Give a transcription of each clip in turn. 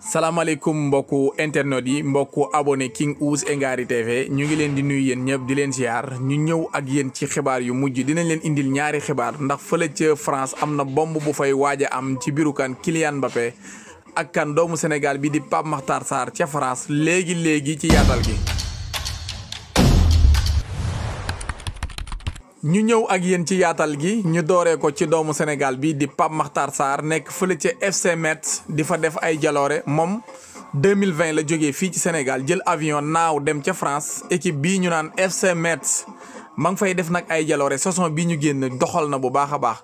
salaamaaleykum mbokku internet yi mbokku abonné King Ouse et Ngary TV ñu ngi leen di nuyu yéen ñëpp di leen ziar ñu ñëw ak yéen ci xibaar yu mujj dinañ leen indil ñaari xibaar ndax fële ca France am na bomb bu fay waaj a am ci biiru kan Kylian Mbappé ak kan doomu Sénégal bi di Pape Makhtar Sarr ca France léegi léegi ci yaatal gi. ñu ñëw ak yéen ci yaatal gi ñu dooree ko ci doomu Sénégal bi di Pape maxtar Sarr nekk fële ci FC Metz di fa def ay jaloore moom 2020 la jógee fii ci Sénégal jël avion naaw dem ca France équipe bii ñu naan FC Metz ma ngi fay def nag ay jaloore saison bii ñu génn doxal na bu baax a baax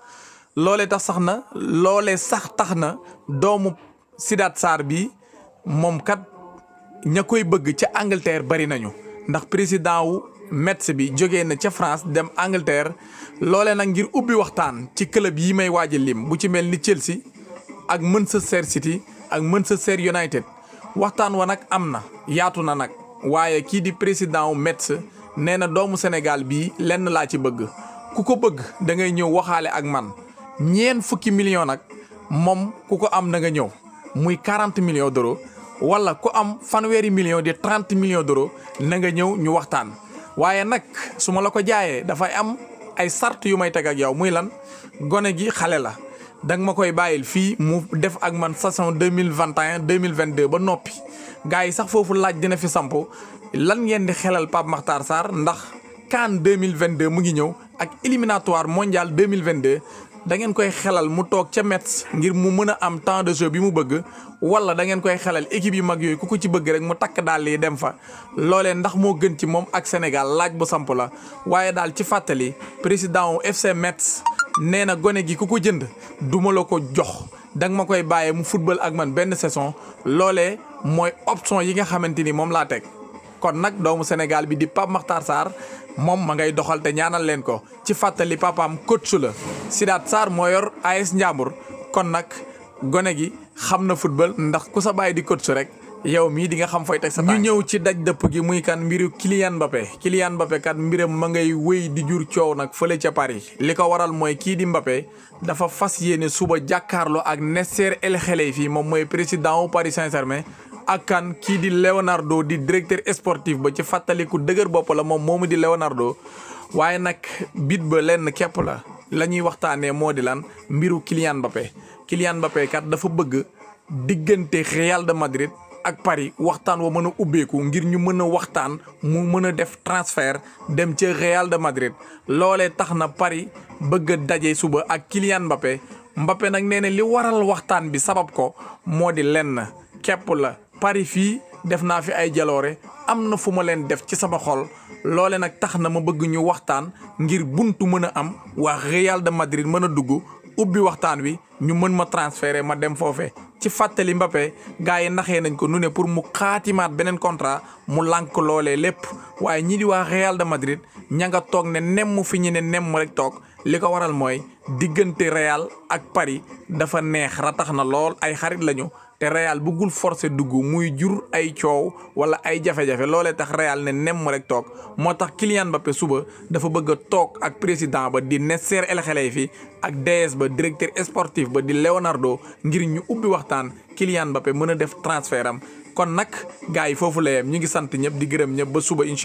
loolee tax sax na loole sax tax na doomu Sidaat Sarr bi moom kat ña koy bëgg ca Angleterre bari nañu. ndax président wu Metz bi jóge na ca France dem Angleterre loole nag ngir ubbi waxtaan ci club yi may waaj lim bu ci mel ni Chelsea ak mën Manchester City ak mën sa Manchester United waxtaan wa nag am na yaatu na nag waaye kii di président wu Metz nee na doomu Sénégal bii lenn laa ci bëgg ku ko bëgg dangay ñëw waxaale ak man ñeent fukki million nag moom ku ko am na nga ñëw muy 40 millions d'euros wala ku am fanweeri million di trente millions d'euros na nga ñëw ñu waxtaan waaye nag su ma la ko jaayee dafay am ay sart yu may teg ak yow muy lan gone gi xale la danga ma koy bàyyil fii mu def ak man saison deux mille vingt et un mille vingt deux ba noppi gars yi sax foofu laaj dina fi samp lan ngeen di xelal Pape Makhtar Sarr ndax CAN deux mille vingt deux mu ngi ñëw ak éliminatoire mondial deux mille vingt deux da ngeen koy xelal mu toog ca Metz ngir mu mën a am temps de jeu bi mu bëgg wala dangeen koy xelal équipe yu mag yooyu ku ko ci bëgg rek mu takk daal yi dem fa. loolee ndax moo gën ci moom ak Sénégal laaj bu samp la waaye daal ci fàttali président wu FC Metz nee na gone gi ku ko jënd duma la ko jox. da nga ma koy bàyyee mu futbal ak man benn saison loolee mooy option yi nga xamante ni moom laa teg. kon nag doomu Sénégal bi di Pape Makhtar Sarr moom ma ngay doxalte ñaanal leen ko ci fàttali papaam coach la Sidaat Sarr moo yor AS Ndiambour kon nag gone gi xam na football ndax ku sa baay di coach rek. yow mii di nga xam fooy teg sa tànk ñu ñëw ci daj dëpp gi muy kan mbiru Kylian Mbappé Kylian Mbappé mbiram ma ngay wéy di jur coow nag fële ca Paris li ko waral mooy kii di Mbappé dafa fas yéene suba jàkkaarloo ak Nasser El fii moom mooy président wu Paris saint ak kan kii di Leonardo di directeur sportif ba ci fàttaliku dëgër bopp la moom moomu di Leonardo waaye nag bit ba lenn képp la la ñuy waxtaanee moo di lan mbiru Kylian Mbappé Kylian Mbappé dafa bëgg diggante Real de Madrid ak Paris waxtaan wa mën a ubbeeku ngir ñu mën a waxtaan mu mën a def transfert dem ca réyal de Madrid loolee tax na Paris bëgg daje suba ak Kylian Mbappé Mbappé nag nee na li waral waxtaan bi sabab ko moo di lenn képp la Paris fii def naa fi ay jaloore am na fu ma leen def ci sama xol loole nag tax na ma bëgg ñu waxtaan ngir buntu mën a am waa Real de Madrid mën a dugg ubbi waxtaan wi ñu mën ma transférer ma dem foofe ci fàttali mbappe gars yi naxee nañ ko nu ne pour mu xaatimaat beneen contrat mu lànk loolee lépp waaye ñii di waa Real de Madrid ña nga toog ne nemm fi ñu ne nemm rek toog li ko waral mooy diggante Real ak Paris dafa neex ratax na lool ay xarit lañu te Real bëggul forcer dugg muy jur ay coow wala ay jafe-jafe loolee tax Real ne nemm rek toog moo tax Kylian Mbappé suba dafa bëgg a toog ak président ba di Nasser El Khelaïfi ak DS ba directeur exécutif ba di Leonardo ngir ñu ubbi waxtaan Kylian Mbappé mën a def transfert am kon nag gars foofu la ñu ngi sant ñëpp di gërëm ñëpp ba suba incha